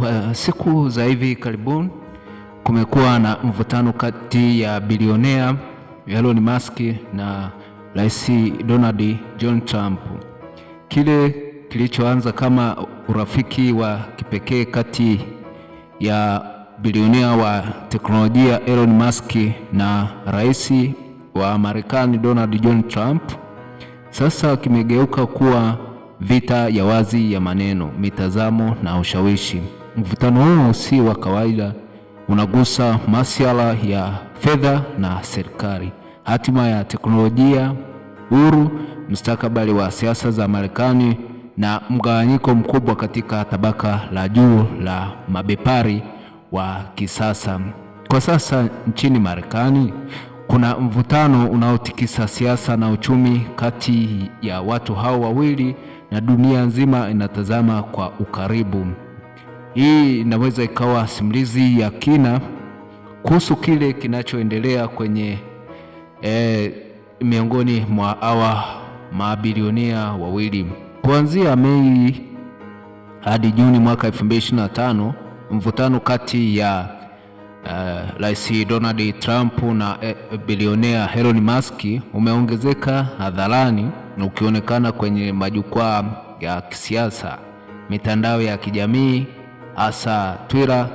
Kwa siku za hivi karibuni kumekuwa na mvutano kati ya bilionea Elon Musk na Rais Donald John Trump. Kile kilichoanza kama urafiki wa kipekee kati ya bilionea wa teknolojia Elon Musk na Rais wa Marekani Donald John Trump sasa kimegeuka kuwa vita ya wazi ya maneno, mitazamo na ushawishi. Mvutano huu si wa kawaida, unagusa masuala ya fedha na serikali, hatima ya teknolojia huru, mustakabali wa siasa za Marekani na mgawanyiko mkubwa katika tabaka la juu la mabepari wa kisasa. Kwa sasa nchini Marekani kuna mvutano unaotikisa siasa na uchumi kati ya watu hao wawili, na dunia nzima inatazama kwa ukaribu. Hii inaweza ikawa simulizi ya kina kuhusu kile kinachoendelea kwenye e, miongoni mwa hawa mabilionea wawili. Kuanzia Mei hadi Juni mwaka 2025 mvutano kati ya eh, Rais uh, Donald Trump na uh, eh, bilionea Elon Musk umeongezeka hadharani ukionekana kwenye majukwaa ya kisiasa, mitandao ya kijamii hasa Twitter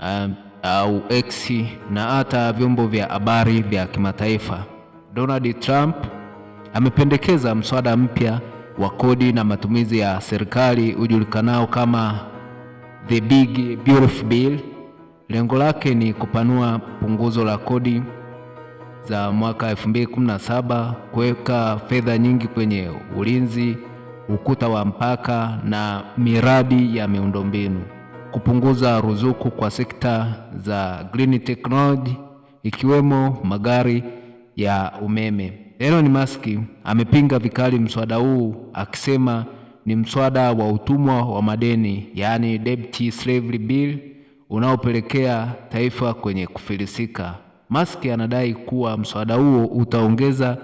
um, au X na hata vyombo vya habari vya kimataifa. Donald Trump amependekeza mswada mpya wa kodi na matumizi ya serikali ujulikanao kama The Big Beautiful Bill. Lengo lake ni kupanua punguzo la kodi za mwaka 2017, kuweka fedha nyingi kwenye ulinzi, ukuta wa mpaka na miradi ya miundombinu kupunguza ruzuku kwa sekta za green technology ikiwemo magari ya umeme. Elon Musk amepinga vikali mswada huu akisema ni mswada wa utumwa wa madeni, yaani debt slavery bill, unaopelekea taifa kwenye kufilisika. Musk anadai kuwa mswada huo utaongeza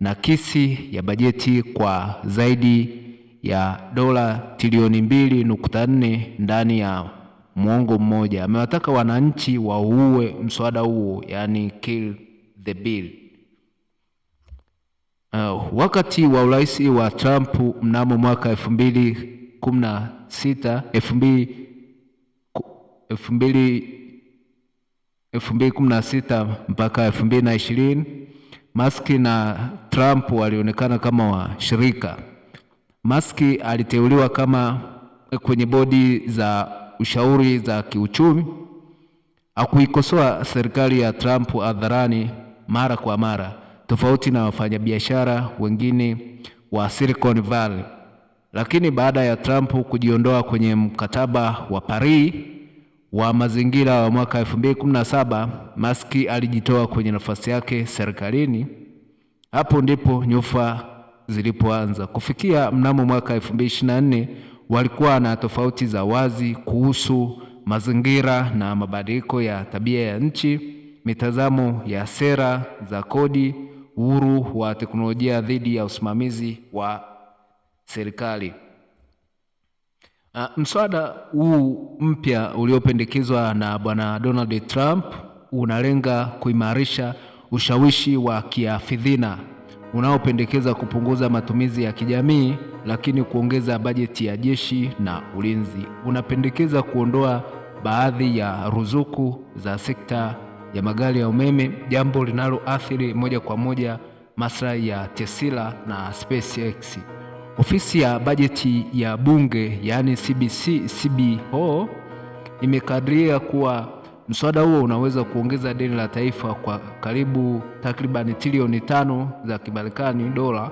nakisi ya bajeti kwa zaidi ya dola trilioni mbili nukta nne ndani ya mwongo mmoja. Amewataka wananchi wauue mswada huo, yani kill the bill. Uh, wakati wa urais wa Trump mnamo mwaka 2016 2016 mpaka 2020 Musk na Trump walionekana kama washirika Musk aliteuliwa kama kwenye bodi za ushauri za kiuchumi. Hakuikosoa serikali ya Trump hadharani mara kwa mara, tofauti na wafanyabiashara wengine wa Silicon Valley. Lakini baada ya Trump kujiondoa kwenye mkataba wa Paris wa mazingira wa mwaka 2017, Musk alijitoa kwenye nafasi yake serikalini. Hapo ndipo nyufa zilipoanza. Kufikia mnamo mwaka 2024 walikuwa na tofauti za wazi kuhusu mazingira na mabadiliko ya tabia ya nchi, mitazamo ya sera za kodi, uhuru wa teknolojia dhidi ya usimamizi wa serikali. Ah, mswada huu mpya uliopendekezwa na Bwana Donald Trump unalenga kuimarisha ushawishi wa kiafidhina unaopendekeza kupunguza matumizi ya kijamii lakini kuongeza bajeti ya jeshi na ulinzi. Unapendekeza kuondoa baadhi ya ruzuku za sekta ya magari ya umeme, jambo linaloathiri moja kwa moja maslahi ya Tesla na SpaceX. Ofisi ya bajeti ya Bunge, yaani CBC, CBO, imekadiria kuwa Mswada huo unaweza kuongeza deni la taifa kwa karibu takribani trilioni tano za Kimarekani dola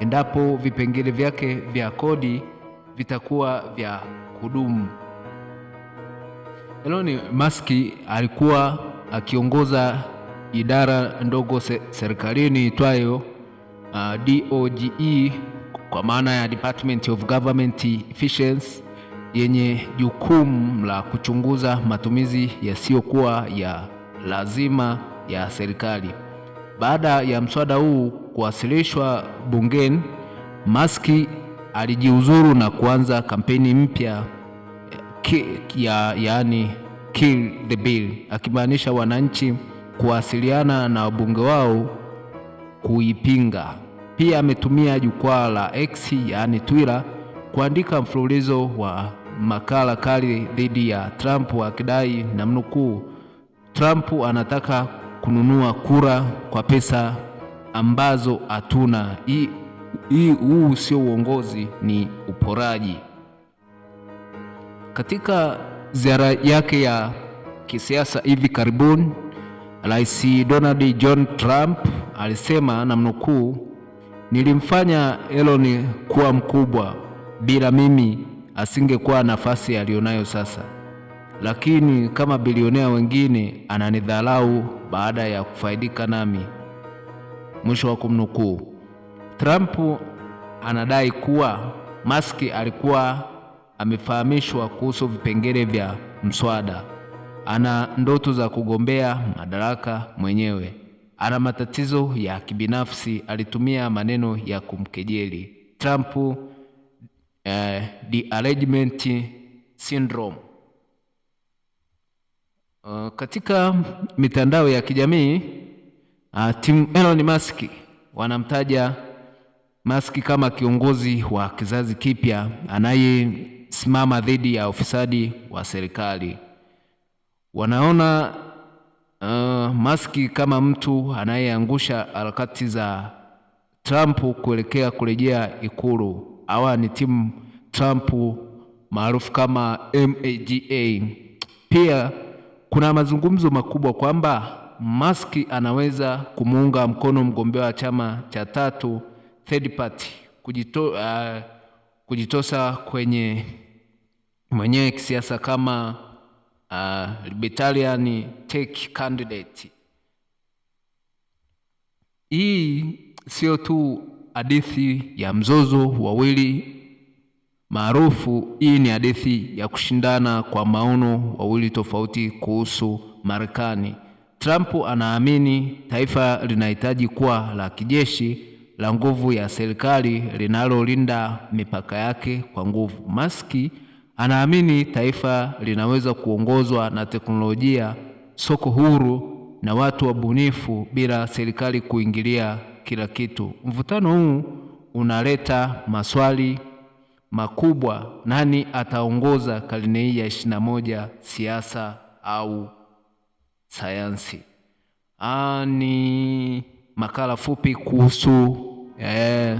endapo vipengele vyake vya kodi vitakuwa vya kudumu. Elon Musk alikuwa akiongoza idara ndogo serikalini itwayo uh, DOGE kwa maana ya Department of Government Efficiency yenye jukumu la kuchunguza matumizi yasiyokuwa ya lazima ya serikali. Baada ya mswada huu kuwasilishwa bungeni, Musk alijiuzuru na kuanza kampeni mpya ya, yaani kill the bill, akimaanisha wananchi kuwasiliana na wabunge wao kuipinga. Pia ametumia jukwaa la X yaani Twitter kuandika mfululizo wa makala kali dhidi ya Trump akidai namnukuu, Trump anataka kununua kura kwa pesa ambazo hatuna. Hii, huu sio uongozi, ni uporaji. Katika ziara yake ya kisiasa hivi karibuni, Rais Donald John Trump alisema namnukuu, nilimfanya Elon kuwa mkubwa bila mimi asingekuwa nafasi aliyonayo sasa, lakini kama bilionea wengine ananidharau baada ya kufaidika nami. Mwisho wa kumnukuu. Trump anadai kuwa Musk alikuwa amefahamishwa kuhusu vipengele vya mswada. Ana ndoto za kugombea madaraka mwenyewe, ana matatizo ya kibinafsi. Alitumia maneno ya kumkejeli Trump uh, eh, rearrangement syndrome. Uh, katika mitandao ya kijamii uh, Tim Elon Musk wanamtaja Musk kama kiongozi wa kizazi kipya anayesimama dhidi ya ufisadi wa serikali. Wanaona uh, Musk kama mtu anayeangusha harakati za Trump kuelekea kurejea ikulu hawa ni timu Trump maarufu kama MAGA. Pia kuna mazungumzo makubwa kwamba Musk anaweza kumuunga mkono mgombea wa chama cha tatu third party kujito, uh, kujitosa kwenye mwenyewe kisiasa kama uh, libertarian tech candidate. Hii sio tu hadithi ya mzozo wawili maarufu. Hii ni hadithi ya kushindana kwa maono wawili tofauti kuhusu Marekani. Trump anaamini taifa linahitaji kuwa la kijeshi la nguvu ya serikali linalolinda mipaka yake kwa nguvu. Maski anaamini taifa linaweza kuongozwa na teknolojia, soko huru na watu wabunifu bila serikali kuingilia kila kitu. Mvutano huu unaleta maswali makubwa: nani ataongoza karne hii ya ishirini na moja, siasa au sayansi? Aa, ni makala fupi kuhusu eh,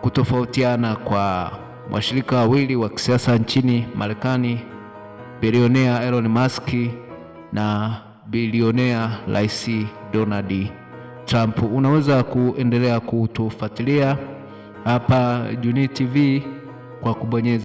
kutofautiana kwa washirika wawili wa kisiasa nchini Marekani, bilionea Elon Musk na bilionea Rais Donald Trump. Unaweza kuendelea kutufuatilia hapa Junii TV kwa kubonyeza